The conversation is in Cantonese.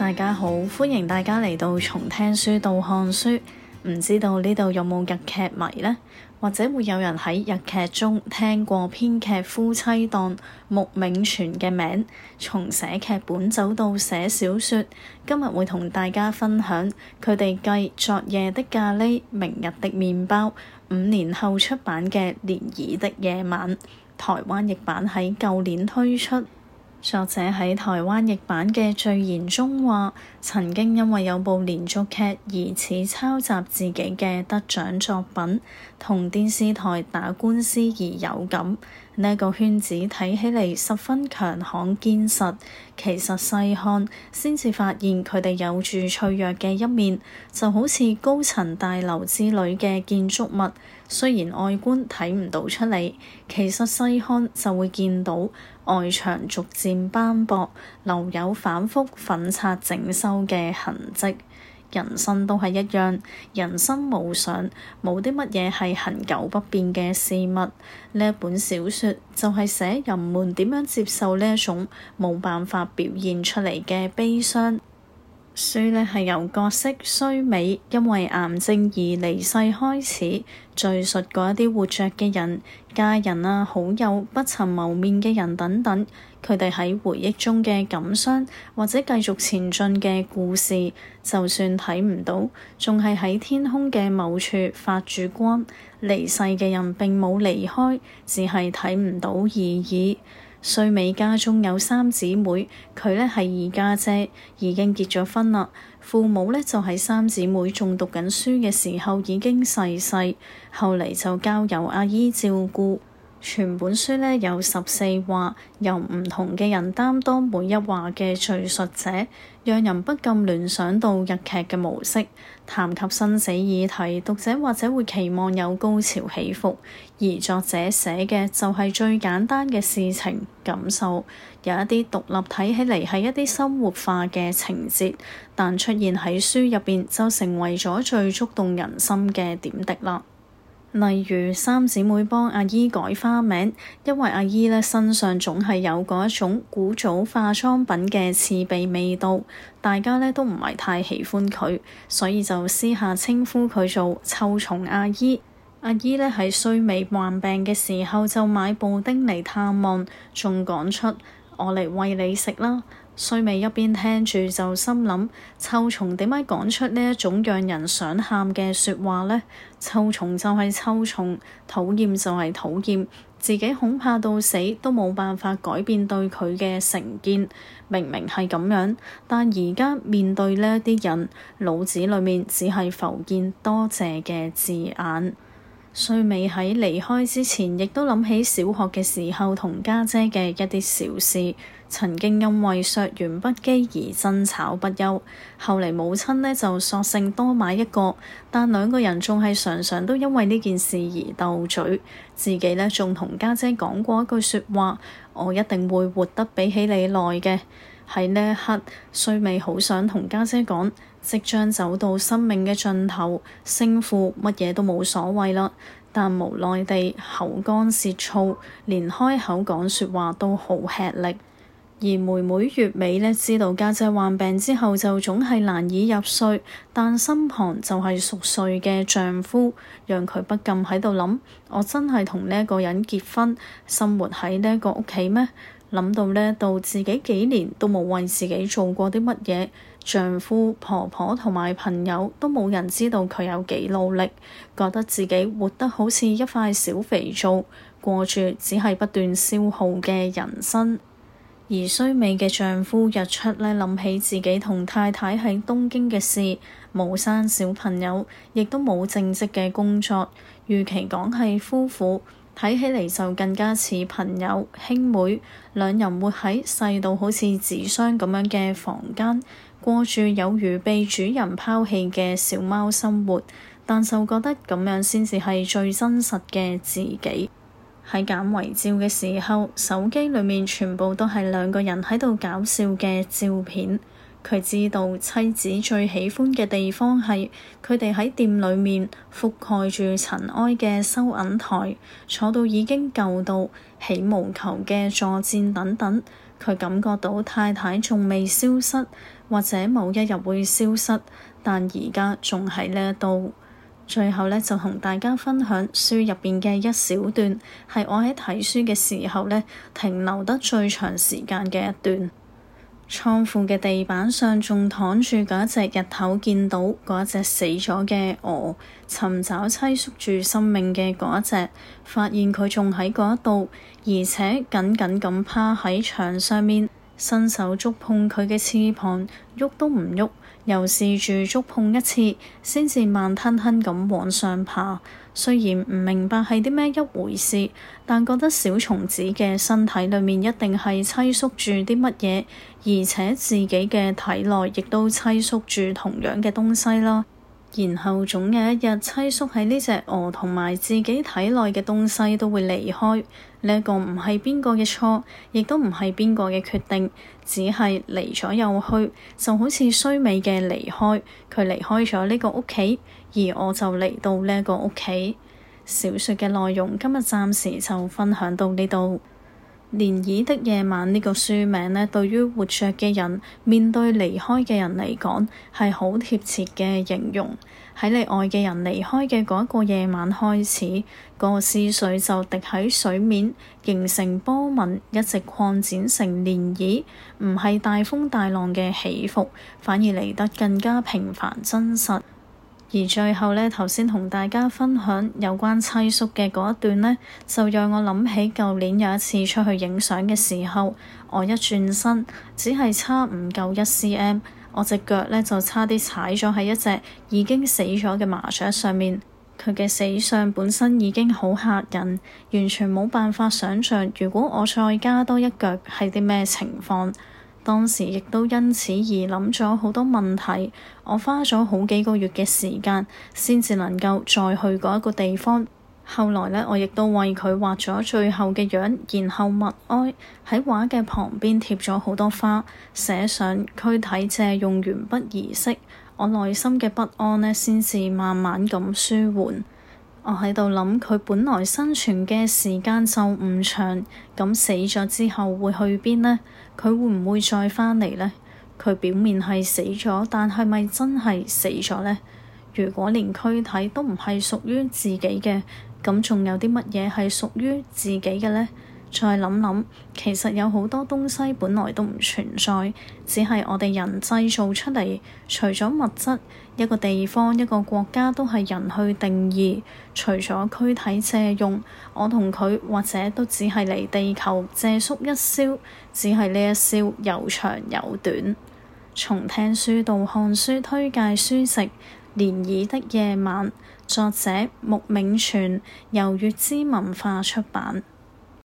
大家好，歡迎大家嚟到從聽書到看書。唔知道呢度有冇日劇迷呢？或者會有人喺日劇中聽過編劇夫妻檔木皿泉嘅名。從寫劇本走到寫小說，今日會同大家分享佢哋繼昨夜的咖喱、明日的麵包五年後出版嘅《漣漪的夜晚》，台灣譯版喺舊年推出。作者喺台灣譯版嘅序言中話：曾經因為有部連續劇疑似抄襲自己嘅得獎作品，同電視台打官司而有感。呢個圈子睇起嚟十分強悍堅實，其實細看先至發現佢哋有住脆弱嘅一面，就好似高層大樓之類嘅建築物，雖然外觀睇唔到出嚟，其實細看就會見到外牆逐漸斑駁，留有反覆粉刷整修嘅痕跡。人生都係一樣，人生無常，冇啲乜嘢係恆久不變嘅事物。呢一本小說就係寫人們點樣接受呢一種冇辦法表現出嚟嘅悲傷。書咧係由角色衰美，因為癌症而離世開始敘述嗰一啲活著嘅人、家人啊、好友、不曾謀面嘅人等等，佢哋喺回憶中嘅感傷，或者繼續前進嘅故事，就算睇唔到，仲係喺天空嘅某處發住光。離世嘅人並冇離開，只係睇唔到而已。瑞美家中有三姊妹，佢呢係二家姐，姐，已經結咗婚啦。父母呢就喺三姊妹仲讀緊書嘅時候已經逝世，世，後嚟就交由阿姨照顧。全本書呢有十四話，由唔同嘅人擔當每一話嘅敘述者，讓人不禁聯想到日劇嘅模式。談及生死議題，讀者或者會期望有高潮起伏，而作者寫嘅就係最簡單嘅事情感受，有一啲獨立睇起嚟係一啲生活化嘅情節，但出現喺書入邊就成為咗最觸動人心嘅點滴啦。例如三姊妹幫阿姨改花名，因為阿姨咧身上總係有嗰一種古早化妝品嘅刺鼻味道，大家咧都唔係太喜歡佢，所以就私下稱呼佢做臭蟲阿姨。阿姨咧喺歲尾患病嘅時候就買布丁嚟探望，仲講出我嚟餵你食啦。雖未一邊聽住，就心諗，臭蟲點解講出呢一種讓人想喊嘅說話呢？臭蟲就係臭蟲，討厭就係討厭，自己恐怕到死都冇辦法改變對佢嘅成見。明明係咁樣，但而家面對呢啲人，腦子裏面只係浮現多謝嘅字眼。穗美喺離開之前，亦都諗起小學嘅時候同家姐嘅一啲小事，曾經因為削鉛筆機而爭吵不休。後嚟母親呢就索性多買一個，但兩個人仲係常常都因為呢件事而鬥嘴。自己呢仲同家姐講過一句説話：我一定會活得比起你耐嘅。喺呢一刻，穗美好想同家姐講。即將走到生命嘅盡頭，勝負乜嘢都冇所謂啦。但無奈地喉乾舌燥，連開口講說話都好吃力。而妹妹月美咧，知道家姐，姐患病之後，就總係難以入睡，但身旁就係熟睡嘅丈夫，讓佢不禁喺度諗：我真係同呢一個人結婚，生活喺呢一個屋企咩？諗到呢度，自己幾年都冇為自己做過啲乜嘢。丈夫、婆婆同埋朋友都冇人知道佢有幾努力，覺得自己活得好似一塊小肥皂，過住只係不斷消耗嘅人生。而衰美嘅丈夫日出呢，諗起自己同太太喺東京嘅事，冇生小朋友，亦都冇正職嘅工作。與其講係夫婦，睇起嚟就更加似朋友兄妹。兩人活喺細到好似紙箱咁樣嘅房間。過住有如被主人拋棄嘅小貓生活，但就覺得咁樣先至係最真實嘅自己。喺揀遺照嘅時候，手機裡面全部都係兩個人喺度搞笑嘅照片。佢知道妻子最喜歡嘅地方係佢哋喺店裡面覆蓋住塵埃嘅收銀台，坐到已經舊到起毛球嘅坐墊等等。佢感覺到太太仲未消失。或者某一日會消失，但而家仲喺呢一度。最後呢，就同大家分享書入邊嘅一小段，係我喺睇書嘅時候呢，停留得最長時間嘅一段。倉庫嘅地板上仲躺住嗰一隻日頭見到嗰一隻死咗嘅鵝，尋找棲宿住生命嘅嗰一隻，發現佢仲喺嗰度，而且緊緊咁趴喺牆上面。伸手觸碰佢嘅翅膀，喐都唔喐，又試住觸碰一次，先至慢吞吞咁往上爬。雖然唔明白係啲咩一回事，但覺得小蟲子嘅身體裡面一定係棲宿住啲乜嘢，而且自己嘅體內亦都棲宿住同樣嘅東西啦。然後總有一日，棲宿喺呢隻鵝同埋自己體內嘅東西都會離開。呢、這、一個唔係邊個嘅錯，亦都唔係邊個嘅決定，只係離咗又去，就好似衰美嘅離開。佢離開咗呢個屋企，而我就嚟到呢個屋企。小說嘅內容今日暫時就分享到呢度。漣漪的夜晚呢個書名咧，對於活着嘅人面對離開嘅人嚟講，係好貼切嘅形容。喺你愛嘅人離開嘅嗰個夜晚開始，個思緒就滴喺水面，形成波紋，一直擴展成漣漪，唔係大風大浪嘅起伏，反而嚟得更加平凡真實。而最後呢，頭先同大家分享有關妻縮嘅嗰一段呢，就讓我諗起舊年有一次出去影相嘅時候，我一轉身，只係差唔夠一 cm，我隻腳呢就差啲踩咗喺一隻已經死咗嘅麻雀上面。佢嘅死相本身已經好嚇人，完全冇辦法想像，如果我再加多一腳係啲咩情況。當時亦都因此而諗咗好多問題，我花咗好幾個月嘅時間，先至能夠再去嗰一個地方。後來呢，我亦都為佢畫咗最後嘅樣，然後默哀，喺畫嘅旁邊貼咗好多花，寫上軀體借用完畢儀式。我內心嘅不安呢，先至慢慢咁舒緩。我喺度諗，佢本來生存嘅時間就唔長，咁死咗之後會去邊呢？佢會唔會再翻嚟呢？佢表面係死咗，但係咪真係死咗呢？如果連軀體都唔係屬於自己嘅，咁仲有啲乜嘢係屬於自己嘅呢？再諗諗，其實有好多東西本來都唔存在，只係我哋人製造出嚟。除咗物質，一個地方、一個國家都係人去定義。除咗軀體借用，我同佢或者都只係嚟地球借宿一宵，只係呢一宵有長有短。從聽書到看書，推介書籍《漣漪的夜晚》，作者木皿泉，由粵之文化出版。